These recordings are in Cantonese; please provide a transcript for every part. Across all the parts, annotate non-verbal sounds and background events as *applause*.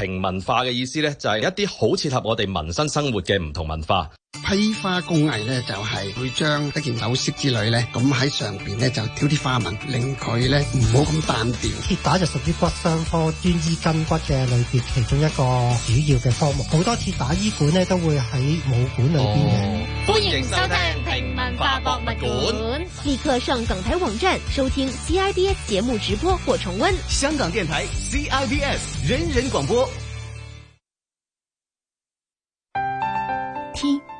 平民化嘅意思咧，就係一啲好適合我哋民生生活嘅唔同文化。批花工藝咧，就係會將一件首飾之類咧，咁喺上邊咧就挑啲花紋，令佢咧唔好咁單調。跌打就屬於骨傷科，專醫筋骨嘅類別，其中一個主要嘅科目。好多跌打醫館咧都會喺武館裏邊嘅。哦、歡迎收聽平民化博物館，立刻上港台網站收聽 C I B S 節目直播或重溫，香港電台 C I B S 人人廣播。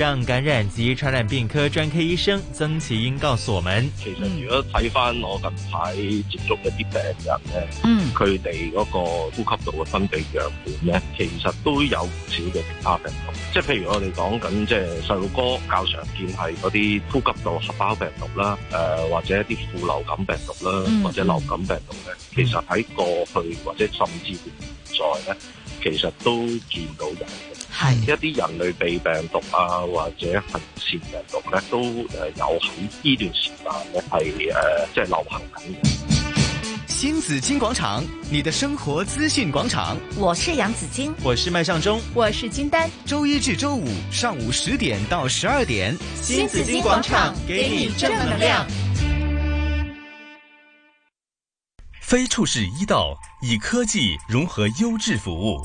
讓感染及傳染病科專科醫生曾綺英告訴我們：其實如果睇翻我近排接觸嘅啲病人咧，佢哋嗰個呼吸道嘅分泌樣本咧，其實都有唔少嘅其他病毒，即係譬如我哋講緊即係細路哥較常見係嗰啲呼吸道合胞病毒啦，誒、呃、或者一啲副流感病毒啦，嗯、或者流感病毒咧，嗯、其實喺過去或者甚至乎現在咧，其實都見到有 Hi. 一啲人類被病毒啊，或者禽絨病毒咧，都誒有喺呢段時間咧係誒即係流行緊。新紫荊廣場，你的生活資訊廣場，我是楊紫晶，我是麥尚中，我是金丹，周一至周五上午十點到十二點，新紫荊廣場給你正能量。非處事醫道，以科技融合優質服務。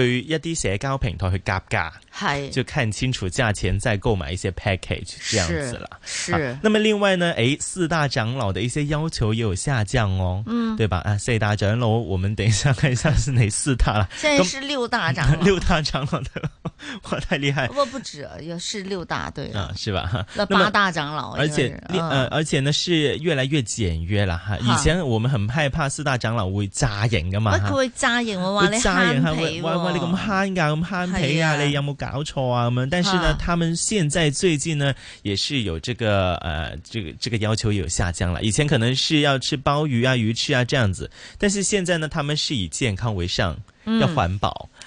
去一啲社交平台去夾價，就看清楚價錢再購買一些 package，這樣子啦。是，那麼另外呢，誒，四大長老的一些要求也有下降哦，嗯，對吧？啊，四大長老，我們等一下看一下是哪四大啦。現在是六大長老，六大長老的，哇，太厲害，我不止，也是六大，對啊，是吧？那八大長老，而且，而且呢是越來越簡約了哈，以前我們很害怕四大長老會扎眼的嘛，嚇，佢會扎眼，我話你慳皮。哦、你咁慳㗎，咁慳皮啊！啊，你有冇搞錯啊？咁啊！但是呢，啊、他們現在最近呢，也是有這個呃，這個這個要求有下降啦。以前可能是要吃鮑魚啊、魚翅啊這樣子，但是現在呢，他們是以健康為上，嗯、要環保。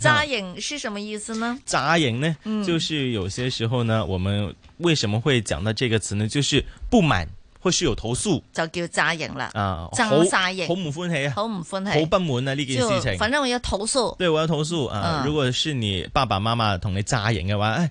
紮營是什麼意思呢？詐型呢，就是有些時候呢，嗯、我們為什麼會講到這個詞呢？就是不滿或是有投訴，就叫詐型了啊！好詐型，好唔歡喜啊，好唔歡喜，好不滿啊！呢件事情，反正我要投訴。對，我要投訴啊！啊如果是你爸爸媽媽同你詐型嘅話，哎。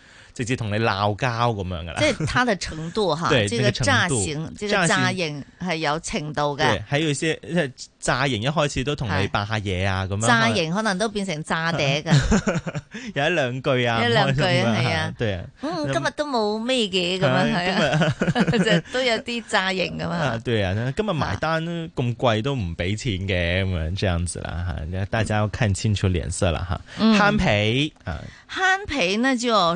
直接同你鬧交咁樣噶啦，即係他的程度吓，即係個詐形，即係詐型係有程度嘅。喺佢先即係詐形，一開始都同你扮下嘢啊咁樣。詐型可能都變成詐嗲噶，有一兩句啊，一兩句係啊。對啊，今日都冇咩嘅咁樣係啊，都有啲詐型噶嘛。對啊，今日埋單咁貴都唔俾錢嘅咁樣樣子啦吓，大家要看清楚臉色啦哈。慳皮，慳皮呢，那就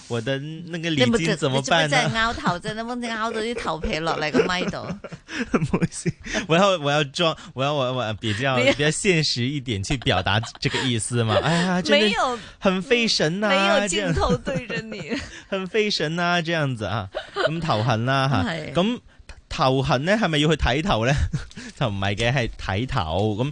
我的那個領巾怎麼辦啊？你係拗頭啫，你拗 *laughs* 到啲頭皮落嚟個麥度。唔 *laughs* 好意思，我要我要裝，我要我我比較你、啊、比較現實一點去表達這個意思嘛。 *laughs* 哎呀，真的啊、沒有，很費神呐。沒有鏡頭對着你， *laughs* 很費神啦、啊，這樣子啊，咁頭痕啦吓，咁頭痕呢，係咪要去睇頭咧？就唔係嘅，係睇頭咁。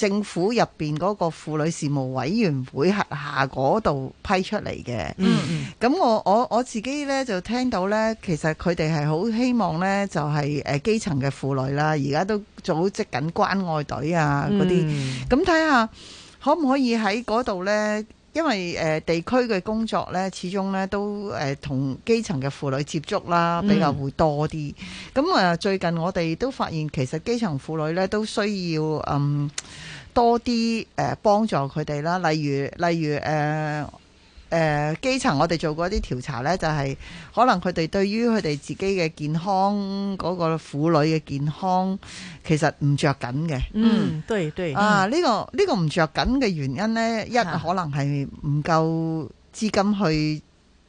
政府入面嗰個婦女事務委員會下嗰度批出嚟嘅，咁、嗯、我我我自己咧就聽到咧，其實佢哋係好希望咧，就係、誒、基層嘅婦女啦，而家都組織緊關愛隊啊嗰啲，咁睇下可唔可以喺嗰度咧？因為誒、呃、地區嘅工作咧，始終咧都誒同、呃、基層嘅婦女接觸啦，比較會多啲。咁啊、嗯呃，最近我哋都發現，其實基層婦女咧都需要嗯多啲誒、呃、幫助佢哋啦，例如例如誒。呃誒、呃、基層，我哋做過一啲調查呢，就係、是、可能佢哋對於佢哋自己嘅健康嗰、那個婦女嘅健康，其實唔着緊嘅、嗯。嗯，對對啊，呢、這個呢個唔着緊嘅原因呢，一可能係唔夠資金去誒、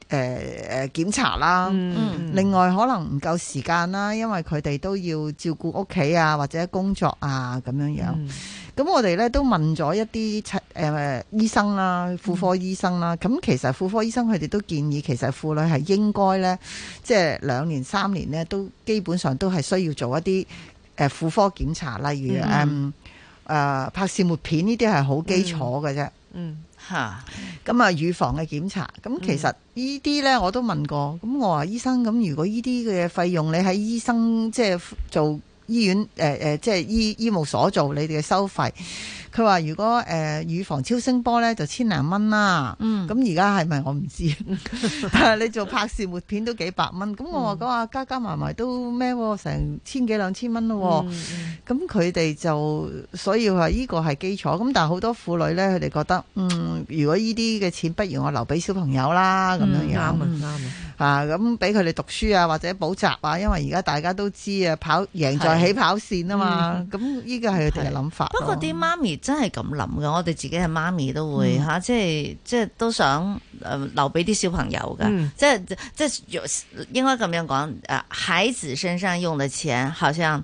呃、檢查啦。嗯嗯、另外可能唔夠時間啦，因為佢哋都要照顧屋企啊，或者工作啊咁樣樣。嗯咁我哋咧都問咗一啲七誒醫生啦，婦科醫生啦。咁、嗯、其實婦科醫生佢哋都建議，其實婦女係應該咧，即、就、係、是、兩年三年咧，都基本上都係需要做一啲誒婦科檢查，例如誒誒柏氏抹片呢啲係好基礎嘅啫。嗯，嚇、嗯。咁啊、呃，預防嘅檢查。咁其實這些呢啲咧我都問過。咁、嗯、我話醫生，咁如果呢啲嘅費用，你喺醫生即係做？醫院誒誒、呃，即係醫醫務所做你哋嘅收費。佢話如果誒預、呃、防超聲波咧就千零蚊啦，咁而家係咪我唔知。 *laughs* *laughs* 但係你做拍攝、活片都幾百蚊。咁、嗯、我話講啊，加加埋埋都咩成千幾兩千蚊咯。咁佢哋就所以話呢個係基礎。咁但係好多婦女咧，佢哋覺得嗯，如果呢啲嘅錢，不如我留俾小朋友啦。咁啱啊啱啊！嗯啊，咁俾佢哋讀書啊，或者補習啊，因為而家大家都知啊，跑贏在起跑線啊嘛，咁呢個係佢哋嘅諗法、啊。不過啲媽咪真係咁諗嘅，我哋自己嘅媽咪都會嚇、嗯啊，即係即係都想誒、呃、留俾啲小朋友嘅、嗯，即係即係應該咁樣講啊，孩子身上用嘅錢好像。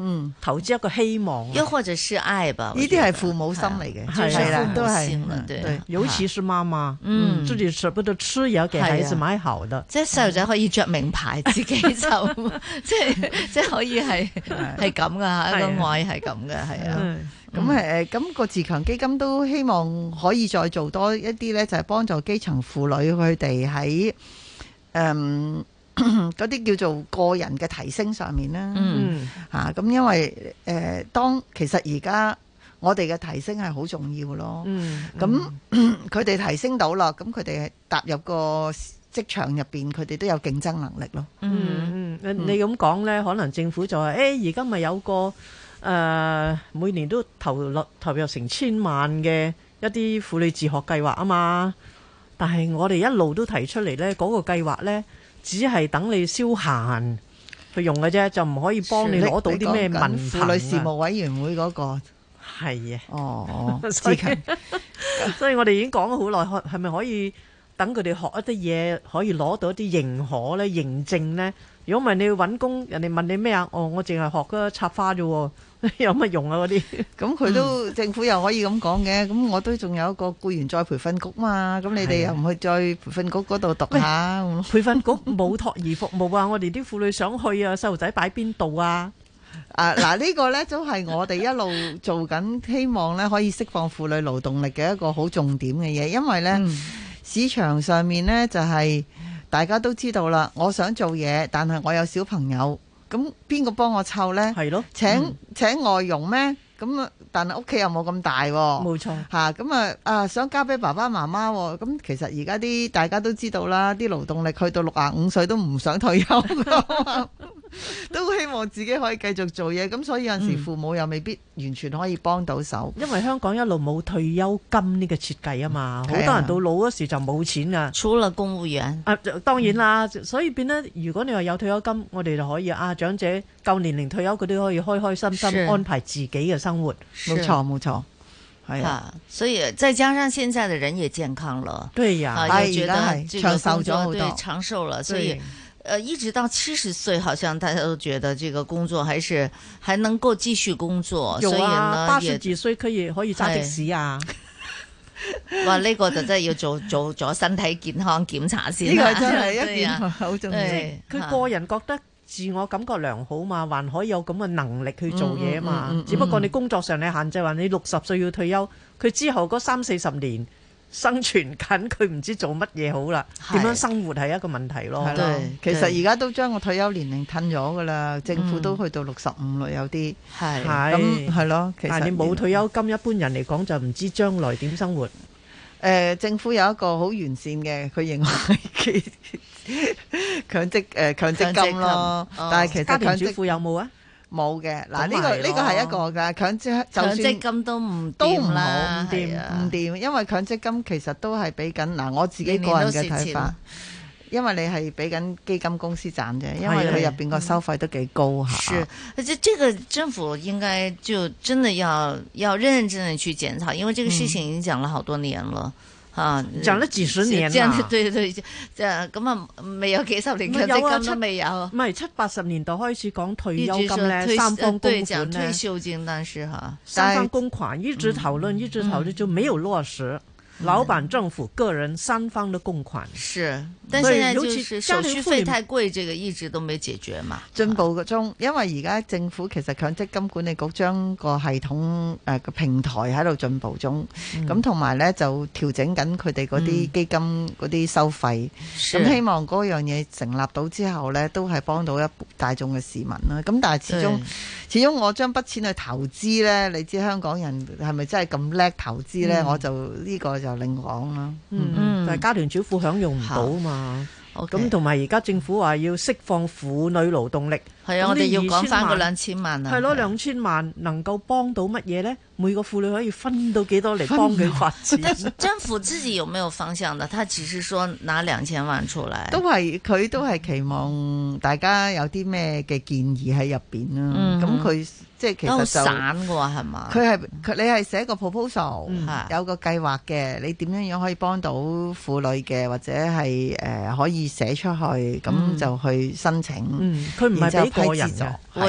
嗯，投資一個希望，又或者是愛吧？呢啲係父母心嚟嘅，係係啦，都係，對，尤其是媽媽，嗯，自己捨不得吃，要給孩子買好的，即係細路仔可以着名牌，自己就即係即係可以係係咁噶，一個愛係咁嘅，係啊，咁誒，咁個自強基金都希望可以再做多一啲咧，就係幫助基層婦女佢哋喺誒。嗰啲叫做個人嘅提升上面啦，吓咁、嗯啊、因為誒，當其實而家我哋嘅提升係好重要咯。咁佢哋提升到啦，咁佢哋踏入個職場入邊，佢哋都有競爭能力咯。嗯嗯，你咁講呢，嗯、可能政府就話、是、誒，而家咪有個誒、呃，每年都投落投入成千萬嘅一啲婦女自學計劃啊嘛，但係我哋一路都提出嚟呢嗰個計劃呢。只係等你消閒去用嘅啫，就唔可以幫你攞到啲咩文憑。婦女事務委員會嗰、嗰個係啊，哦， *laughs* 所以 *laughs* 所以我哋已經講咗好耐，學係咪可以等佢哋學一啲嘢，可以攞到一啲認可咧、認證咧？如果唔係，你要揾工，人哋問你咩啊？哦，我淨係學嗰插花啫喎。有乜用啊？嗰啲咁佢都政府又可以咁講嘅，咁我都仲有一個僱員再培訓局嘛，咁你哋又唔去再培訓局嗰度讀下？培訓局冇托兒服務啊！我哋啲婦女想去啊，細路仔擺邊度啊？啊嗱，呢個咧都係我哋一路做緊，希望咧可以釋放婦女勞動力嘅一個好重點嘅嘢，因為咧市場上面咧就係大家都知道啦，我想做嘢，但係我有小朋友。咁邊個幫我湊咧？係咯的、嗯？請請外傭咩？咁啊，但係屋企又冇咁大喎，冇錯吓。咁啊啊，想交俾爸爸媽媽喎。咁其實而家啲大家都知道啦，啲勞動力去到六十五歲都唔想退休， *laughs* 都希望自己可以繼續做嘢。咁所以有陣時父母又未必完全可以幫到手，嗯、因為香港一路冇退休金呢個設計啊嘛，好、嗯、多人到老嗰時就冇錢啊。除咗公務員啊，當然啦，所以變得，如果你話有退休金，我哋就可以啊，長者。夠年齡退休，佢都可以開開心心安排自己嘅生活。冇錯冇錯，係啊。所以再加上現在嘅人也健康了，對呀，也覺得這個工作對長壽了。所以，呃，一直到七十歲，好像大家都覺得這個工作還是還能夠繼續工作。有啊，八十歲可以可以揸的士啊。哇，呢個真係要做做咗身體健康檢查先，呢個真係一件好重要。佢個人覺得。自我感覺良好嘛，還可以有咁嘅能力去做嘢嘛？嗯嗯嗯嗯嗯，只不過你工作上你限制話你六十歲要退休，佢之後嗰三四十年生存緊，佢唔知做乜嘢好啦，點樣生活係一個問題咯。其實而家都將個退休年齡褪咗噶啦，的政府都去到六十五啦，有啲係咁係咯。其實你冇退休金，的一般人嚟講就唔知將來點生活。誒、呃、政府有一個好完善嘅，佢認為嘅強積誒、呃、強積金咯金，但係其實強積庫、哦、有冇啊？冇嘅的，嗱呢、這個呢、這個係一個嘅強積，就算強積金都唔都唔好唔掂唔掂，因為強積金其實都係俾緊嗱、呃、我自己個人嘅睇法。年年因為你係俾緊基金公司賺嘅，因為佢入邊個收費都幾高吓是、嗯。是，而且這個政府應該就真的要要認認真真去檢討，因為這個事情已經講了好多年了，嗯、啊，講了幾十年了對對對，根本未有幾十年唔係有啊，未有。唔係七,七八十年代開始講退休金咧，三方公款咧。退休金但係吓，三方公款，一直討論，一直討論，就沒有落實。嗯嗯老闆、政府、個人三方的供款是，但係現在就是手續費太貴，這個一直都沒解決嘛。進步中，因為而家政府其實強積金管理局將個系統誒個平台喺度進步中，咁同埋呢，就調整緊佢哋嗰啲基金嗰啲收費，咁、嗯、希望嗰樣嘢成立到之後呢，都係幫到一大衆嘅市民啦。咁但係始終對始終我將筆錢去投資呢，你知香港人係咪真係咁叻投資呢？嗯、我就呢、這個就。就另講啦，嗯，嗯，但係家庭主婦享用唔到嘛，咁同埋而家政府話要釋放婦女勞動力。係啊，我哋要講翻嗰兩千萬啊！係咯的，兩千萬能夠幫到乜嘢咧？每個婦女可以分到幾多嚟幫佢發展？錢政府自己有冇有方向嘅？ *laughs* 他只是說拿兩千萬出嚟，都係佢都係期望大家有啲咩嘅建議喺入邊啊！咁佢、嗯、即係其實散嘅係嘛？佢係佢你係寫個 proposal，、嗯、有個計劃嘅，你點樣樣可以幫到婦女嘅，或者係誒、呃、可以寫出去，咁、嗯、就去申請。佢唔係俾我知道，是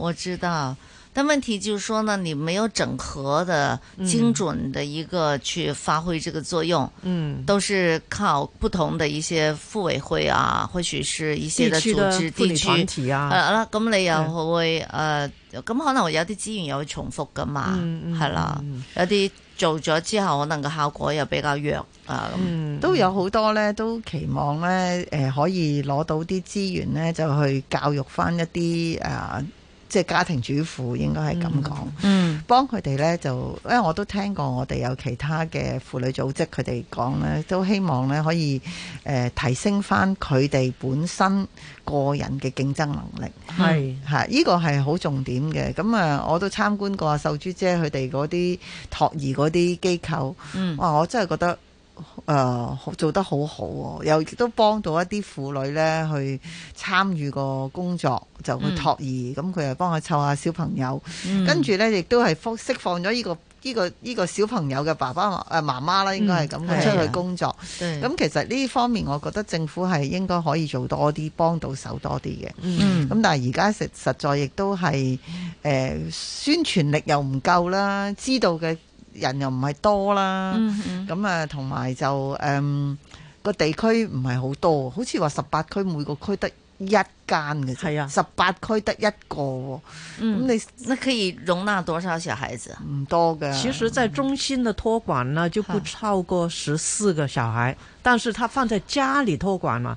我知道，嗯、但問題就是說呢，你沒有整合的精準的一個去發揮這個作用，嗯，都是靠不同的一些副委會啊，或許是一些的組織、地區團體啊，好咁、啊啊、樣又會、嗯、呃，咁可能有啲資源又會重複噶嘛，係、嗯、啦，嗯、有啲。做咗之後，可能個效果又比較弱啊！嗯、都有好多咧，都期望咧、呃，可以攞到啲資源咧，就去教育返一啲啊～即係家庭主婦應該係咁講，嗯嗯、幫佢哋呢就，因為我都聽過我哋有其他嘅婦女組織他們，佢哋講呢都希望呢可以誒提升翻佢哋本身個人嘅競爭能力，係嚇是，呢個係好重點嘅。咁啊，我都參觀過阿秀珠姐佢哋嗰啲託兒嗰啲機構，嗯、哇，我真係覺得。誒、呃，做得好好，又亦都幫到一啲婦女咧去參與個工作，就會託兒，咁佢又幫佢湊下小朋友，跟住咧亦都係放釋放咗呢個呢、這個呢、這個小朋友嘅爸爸誒媽媽啦，應該係咁，出、嗯啊、去工作，咁對 其實呢方面，我覺得政府係應該可以做多啲，幫到手多啲嘅，咁、嗯、但係而家實實在亦都係誒宣傳力又唔夠啦，知道嘅。人又唔係多啦，咁啊、嗯，同、嗯、埋就誒個、嗯、地區唔係好多，好似話十八區每個區得一間嘅，係啊，十八區得一個，咁你、嗯、可以容納多少小孩子？唔多嘅，其實在中心嘅托管呢就不超過十四個小孩，嗯、但是他放在家裡托管啦。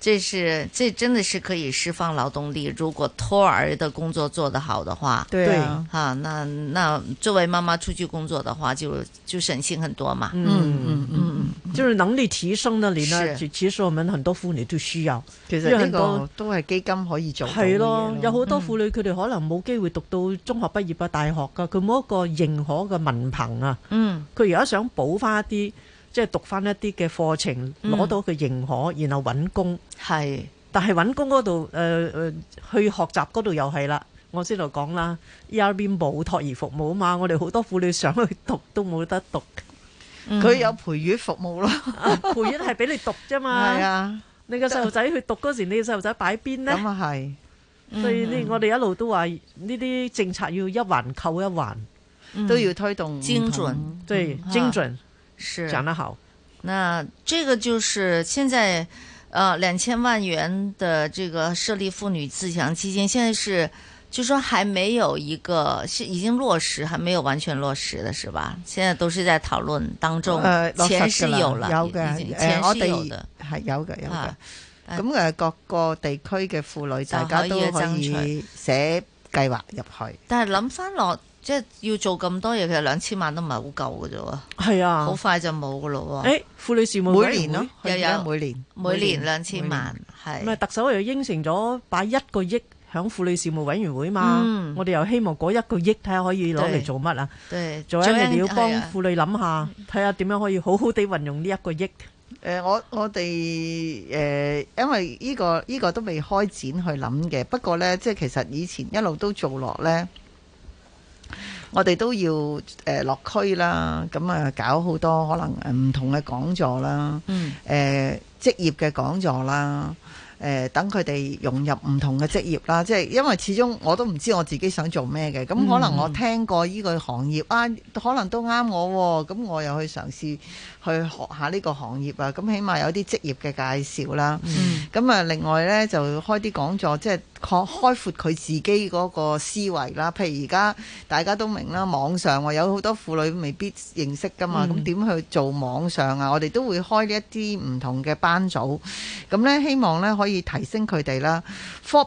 這是這真的是可以釋放勞動力。如果托兒的工作做得好的話，對哈、啊啊，那那作為媽媽出去工作的話就，就就省心很多嘛。嗯嗯嗯嗯，嗯嗯嗯嗯就是能力提升的裏呢，其實我們很多婦女都需要。其實、這個、很多都係基金可以做。係咯，有好多婦女佢哋、嗯、可能冇機會讀到中學畢業啊，大學噶，佢冇一個認可嘅文憑啊。嗯，佢如果想補翻一啲。即係讀翻一啲嘅課程，攞到佢認可，然後搵工。係，但係搵工嗰度，誒誒，去學習嗰度又係啦。我先頭講啦，ERB 冇托兒服務嘛，我哋好多婦女想去讀都冇得讀。佢有培育服務咯，培育係俾你讀啫嘛。係啊，你個細路仔去讀嗰時，你個細路仔擺邊咧？咁啊係，所以咧，我哋一路都話呢啲政策要一環扣一環，都要推動精準，對精準。是，講得好，那這個就是現在，呃，兩千萬元的這個設立婦女自強基金，現在是，就說還沒有一個，是已經落實，還沒有完全落實的，是吧？現在都是在討論當中。呃，錢是有了，的了有嘅，誒、呃，我哋係有嘅，有嘅。咁誒、啊，各個地區嘅婦女，啊、大家都可以寫計劃入去。但係諗翻落。即係要做咁多嘢，其實兩千萬都唔係好夠嘅啫，係啊，好快就冇噶咯喎。誒，婦女事務每年咯，又有每年每年兩千萬，係。咁啊，特首又應承咗，擺一個億響婦女事務委員會嘛，我哋又希望嗰一個億睇下可以攞嚟做乜啊？對，做一你要幫婦女諗下，睇下點樣可以好好地運用呢一個億。誒，我我哋誒，因為呢個呢個都未開展去諗嘅，不過咧，即係其實以前一路都做落咧。我哋都要誒落、呃、區啦，咁啊，搞好多可能唔同嘅講座啦，誒職、嗯呃、業嘅講座啦，誒、呃、等佢哋融入唔同嘅職業啦，即係因為始終我都唔知我自己想做咩嘅，咁、嗯、可能我聽過呢個行業啊，可能都啱我，啊，咁我又去嘗試去學下呢個行業啊，咁起碼有啲職業嘅介紹啦，咁啊、嗯、另外呢，就開啲講座即係。擴開闊佢自己嗰個思維啦，譬如而家大家都明啦，網上有好多婦女未必認識噶嘛，咁點、嗯、去做網上啊？我哋都會開一啲唔同嘅班組。咁呢，希望呢可以提升佢哋啦，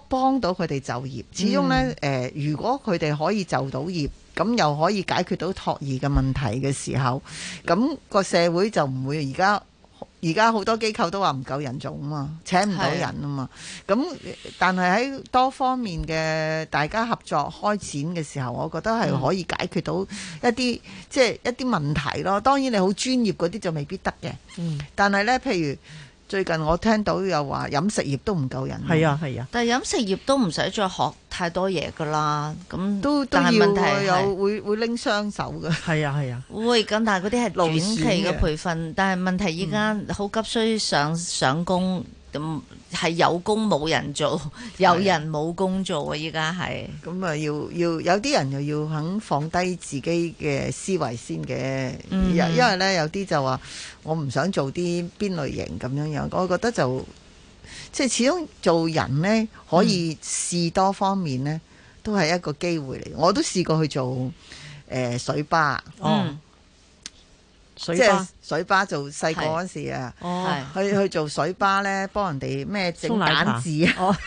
幫到佢哋就業。始終呢，誒，如果佢哋可以就到業，咁又可以解決到托兒嘅問題嘅時候，咁個社會就唔會而家。而家好多機構都話唔夠人做啊嘛，請唔到人啊嘛，咁是的 但係喺多方面嘅大家合作開展嘅時候，我覺得係可以解決到一啲、嗯、即係一啲問題咯。當然你好專業嗰啲就未必得嘅，嗯、但係呢，譬如。最近我聽到有話飲食業都唔夠人，係啊係啊。啊但係飲食業都唔使再學太多嘢㗎啦，咁都但問題係都要、啊、有會會拎雙手㗎。係啊係啊，會咁、啊、但係嗰啲係短期嘅培訓，但係問題依家好急需上上工咁。嗯係有工冇人做，有人冇工做啊！依家係咁啊，要要，有啲人又要肯放低自己嘅思維先嘅。嗯、因為咧有啲就話我唔想做啲邊類型咁樣樣，我覺得就即係始終做人咧可以試多方面咧，嗯、都係一個機會嚟。我都試過去做誒水巴，嗯、呃，水巴。水吧，做細個陣時啊，哦、去去做水吧咧，幫人哋咩整簡字啊，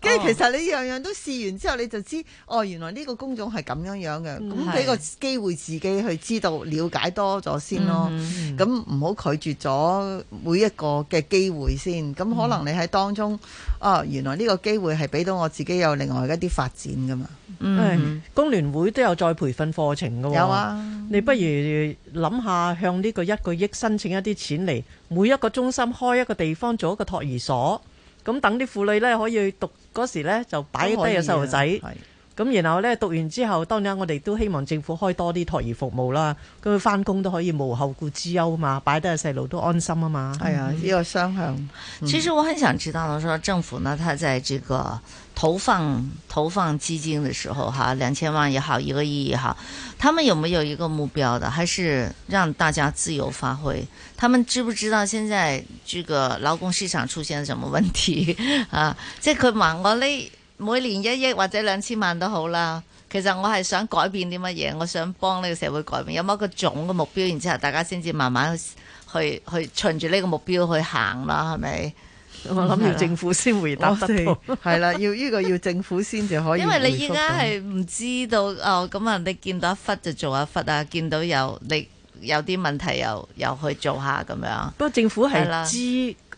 跟住、哦、其實你樣樣都試完之後，你就知哦，哦，哦，原來呢個工種係咁樣樣嘅，咁俾、嗯、個機會自己去知道了解多咗先咯，咁唔好拒絕咗每一個嘅機會先，咁可能你喺當中、嗯、哦原來呢個機會係俾到我自己有另外一啲發展噶嘛嗯，嗯，工聯會都有再培訓課程噶、哦，有啊，你不如諗下向呢、呢個。一個億申請一啲錢嚟，每一個中心開一個地方做一個托兒所，咁等啲婦女呢，可以去讀嗰時呢，就擺低個細路仔，咁然後呢，讀完之後，當然我哋都希望政府開多啲托兒服務啦，咁佢翻工，都可以無後顧之憂啊嘛，擺低個細路都安心啊嘛。係啊、嗯，呢個雙向。其實我很想知道，就說政府呢，它在這個。投放投放基金的時候，哈，兩千萬也好，一個億也好，他們有沒有一個目標的？還是讓大家自由發揮？他們知不知道現在這個勞工市場出現什麼問題啊？即係佢話我呢，每年一億或者兩千萬都好啦。其實我係想改變啲乜嘢？我想幫呢個社會改變，有冇一個總嘅目標？然之後大家先至慢慢去去順住呢個目標去行啦，係咪？我諗要政府先回答得到，係啦，要呢個要政府先至可以回。 *laughs* 因為你而家係唔知道哦，咁啊，你見到一忽就做一忽啊，見到有你有啲問題又又去做一下咁樣。不過政府係知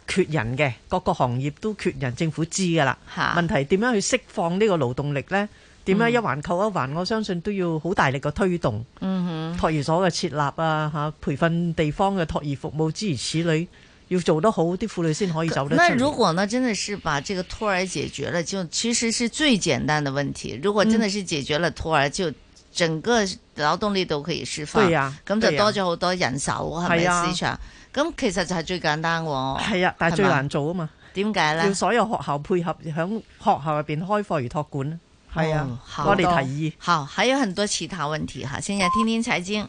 缺人嘅，的各個行業都缺人，政府知噶啦。吓的，問題點樣去釋放呢個勞動力呢？點、嗯、樣一環扣一環？我相信都要好大力個推動。嗯哼，托兒所嘅設立啊，吓培訓地方嘅托兒服務，諸如此類。嗯要做得好，啲婦女先可以走得出。如果呢，真的是把這個托兒解決了，就其實是最簡單的問題。如果真的是解決了托兒、嗯、就整個勞動力都可以釋放，咁、啊、就多咗好多人手，係咪市場？咁其實就係最簡單喎。係啊，啊，但係最難做啊嘛。點解呢？要所有學校配合響學校入邊開課餘托管。係、哦、啊，我哋多提議。好，還有很多其他問題。哈，現在聽聽財經。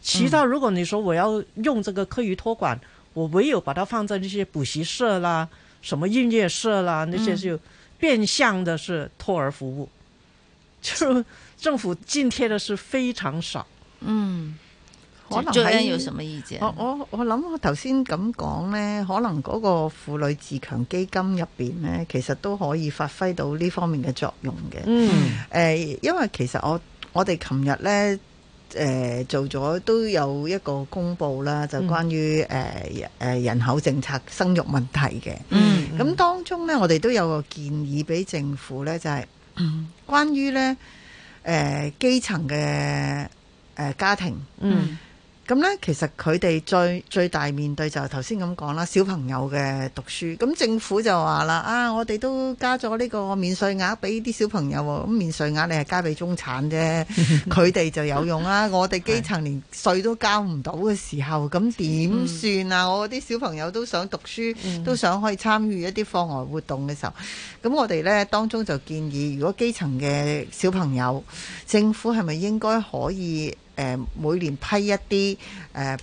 其他如果你說我要用這個課餘託管，嗯、我唯有把它放在這些補習社啦、什麼音樂社啦,那些就變相的是托兒服務，嗯、就政府津貼的是非常少。嗯，我諗還有什麼意見？我我我諗我頭先咁講呢，可能嗰個婦女自強基金入邊呢，其實都可以發揮到呢方面嘅作用嘅。嗯，誒、欸，因為其實我我哋琴日呢。誒、呃、做咗都有一個公佈啦，就關於誒誒、呃、人口政策生育問題嘅。咁、嗯嗯、當中呢，我哋都有個建議俾政府呢，就係、是、關於呢誒、呃、基層嘅誒、呃、家庭。嗯咁咧，其實佢哋最最大面對就係頭先咁講啦，小朋友嘅讀書。咁政府就話啦，啊，我哋都加咗呢個免稅額俾啲小朋友喎，咁免稅額你係加俾中產啫，佢哋 *laughs* 就有用啦。我哋基層連稅都交唔到嘅時候，咁點算啊？我啲小朋友都想讀書，都想可以參與一啲課外活動嘅時候，咁我哋咧當中就建議，如果基層嘅小朋友，政府係咪應該可以？誒每年批一啲誒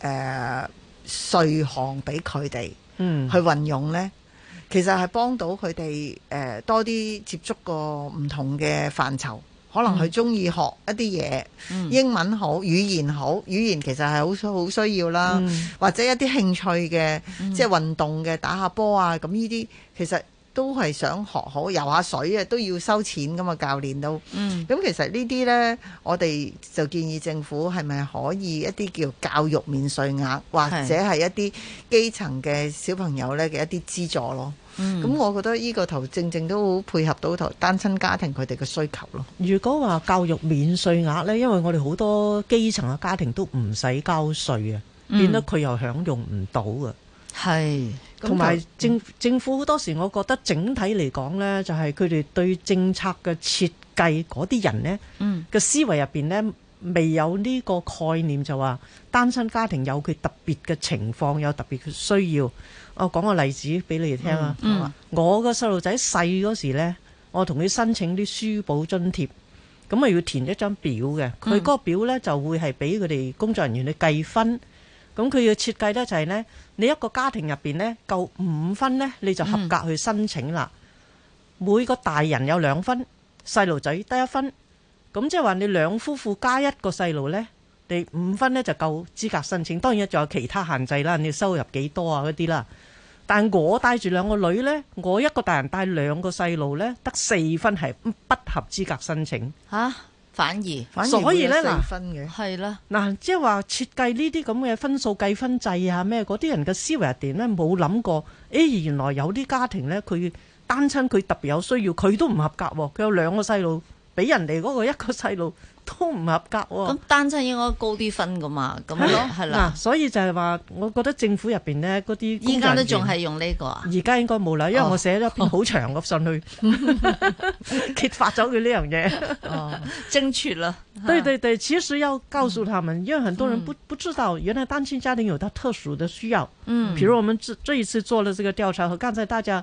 誒稅項俾佢哋，呃呃、嗯，去運用咧，其實係幫到佢哋誒多啲接觸個唔同嘅範疇，可能佢中意學一啲嘢，嗯、英文好，語言好，語言其實係好好需要啦，嗯、或者一啲興趣嘅，嗯、即係運動嘅，打下波啊，咁呢啲其實。都係想學好游下水啊，都要收錢噶嘛，教練都。嗯。咁其實呢啲呢，我哋就建議政府係咪可以一啲叫教育免稅額，或者係一啲基層嘅小朋友呢嘅一啲資助咯。咁、嗯、我覺得呢個頭正正都好配合到頭單親家庭佢哋嘅需求咯。如果話教育免稅額呢，因為我哋好多基層嘅家庭都唔使交稅啊，變得佢又享用唔到啊。係。同埋政、嗯、政府好多時，我覺得整體嚟講咧，就係佢哋對政策嘅設計嗰啲人咧，嘅、嗯、思維入邊咧，未有呢個概念，就話單身家庭有佢特別嘅情況，有特別嘅需要。我講個例子俾你哋聽啊，我個細路仔細嗰時咧，我同佢申請啲書簿津貼，咁啊要填一張表嘅，佢嗰個表咧就會係俾佢哋工作人員去計分。咁佢要設計得就係、是、呢：你一個家庭入邊呢，夠五分呢，你就合格去申請啦。嗯、每個大人有兩分，細路仔得一分。咁即係話你兩夫婦加一個細路呢，你五分呢，就夠資格申請。當然仲有其他限制啦，你要收入幾多啊嗰啲啦。但我帶住兩個女呢，我一個大人帶兩個細路呢，得四分係不合資格申請。吓、啊？反而，反而所以呢嗱，分嘅，係啦嗱，即係話設計呢啲咁嘅分數計分制啊咩，嗰啲人嘅思維係點呢？冇諗過誒、欸，原來有啲家庭呢，佢單親，佢特別有需要，佢都唔合格，佢有兩個細路，畀人哋嗰個一個細路。都唔合格喎、哦！咁單親應該高啲分噶嘛？咁咯，係啦的。嗱的、啊，所以就係話，我覺得政府入邊咧嗰啲，依家都仲係用呢個啊？而家應該冇啦，因為我寫咗一篇好長嘅信、哦、去 *laughs* *laughs* 揭發咗佢呢樣嘢，正闢啦。對對對，其實要告訴他們，嗯、因為很多人不不知道原來單親家庭有他特殊嘅需要。嗯，譬如我們這一次做了這個調查，和剛才大家。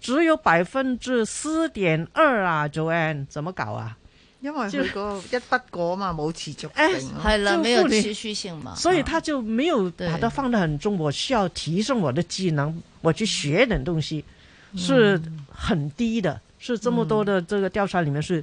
只有百分之四點二啊，Joanne，怎麼搞啊？因為這個一筆過嘛，冇就持續性，啊，係啦，哎，沒有持續性嘛，所以他就沒有把它放得很重。我需要提升我的技能，我去學點東西，是很低的，嗯，是這麼多的這個調查裏面是。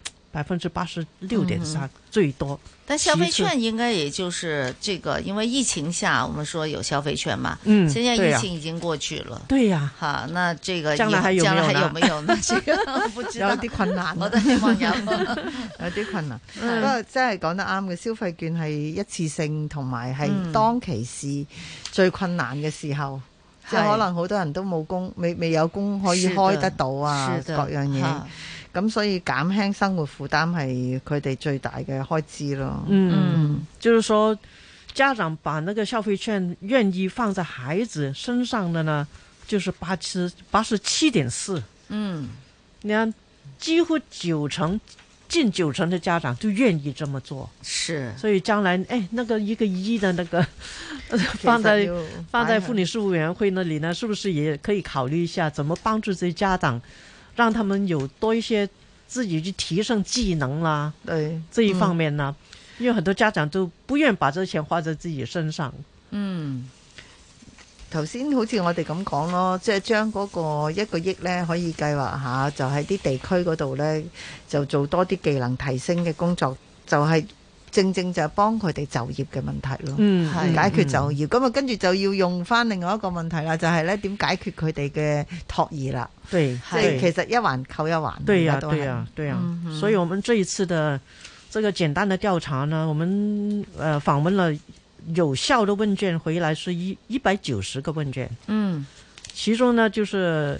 百分之八十六點三最多，嗯，但消費券應該也就是這個，因為疫情下，我們說有消費券嘛。嗯，啊，現在疫情已經過去了。對呀，啊，好，那這個將來還有沒有呢？這個 *laughs* 不知道。有啲困， *laughs* 困難，我哋困難。不過真係講得啱嘅，消費券係一次性同埋係當其時是最困難嘅時候，即係，嗯、可能好多人都冇工，未未有工可以開得到啊，的的各樣嘢。咁所以減輕生活負擔係佢哋最大嘅開支咯、嗯。嗯，就是說家長把那個消費券願意放在孩子身上的呢，就是八七八十七點四。嗯，你睇，幾乎九成，近九成的家長都願意這麼做。是。所以將來，哎，那個一個一的那個放在放在婦女事務委員會那裡呢，是不是也可以考慮一下，怎麼幫助這些家長？讓他們有多一些自己去提升技能啦、啊，對，這一方面啦、啊，嗯、因為很多家長都不願意把這錢花在自己身上。嗯，頭先好似我哋咁講咯，即係將嗰個一個億咧，可以計劃下，就喺啲地區嗰度咧，就做多啲技能提升嘅工作，就係。正正就係幫佢哋就業嘅問題咯，嗯、解決就業。咁啊，嗯、跟住就要用返另外一個問題啦，就係咧點解決佢哋嘅託兒啦。對，即係其實一環扣一環。對呀、啊啊，對呀、啊，對呀、嗯哼。所以，我們這一次的這個簡單的調查呢，我們呃訪問了有效的問卷，回來是一一百九十個問卷。嗯，其中呢就是。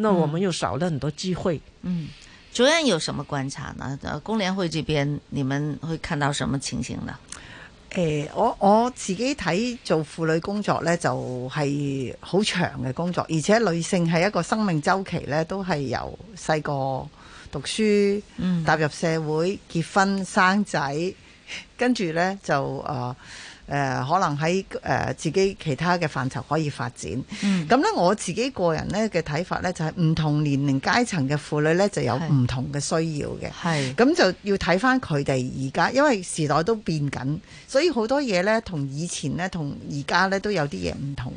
那我們又少了很多機會。嗯，嗯，主任有什麼觀察呢？工聯會這邊你們會看到什麼情形呢？誒，我我自己睇做婦女工作呢就係好長嘅工作，而且女性係一個生命周期呢都係由細個讀書，嗯、踏入社會結婚生仔，跟住呢就誒。呃誒、呃、可能喺誒、呃、自己其他嘅範疇可以發展，咁咧、嗯、我自己個人咧嘅睇法咧就係唔同年齡階層嘅婦女咧就有唔同嘅需要嘅，咁是就要睇返佢哋而家，因為時代都變緊，所以好多嘢咧同以前咧同而家咧都有啲嘢唔同，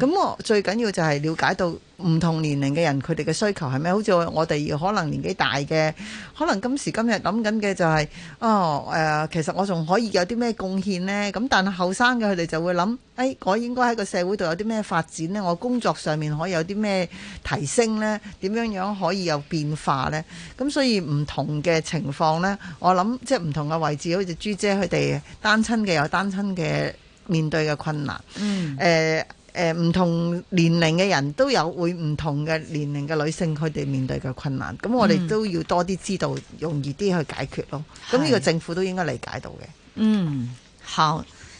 咁、嗯、我最緊要就係了解到。唔同年齡嘅人，佢哋嘅需求係咩？好似我哋可能年紀大嘅，可能今時今日諗緊嘅就係、是、哦誒、呃，其實我仲可以有啲咩貢獻呢？咁但係後生嘅佢哋就會諗，誒、哎，「我應該喺個社會度有啲咩發展呢？我工作上面可以有啲咩提升呢？點樣樣可以有變化呢？」咁所以唔同嘅情況呢，我諗即係唔同嘅位置，好似朱姐佢哋單親嘅有單親嘅面對嘅困難，嗯，誒、呃。誒，唔同年齡嘅人都有會唔同嘅年齡嘅女性，佢哋面對嘅困難，咁我哋都要多啲知道，容易啲去解決咯。咁呢個政府都應該理解到嘅。嗯，好。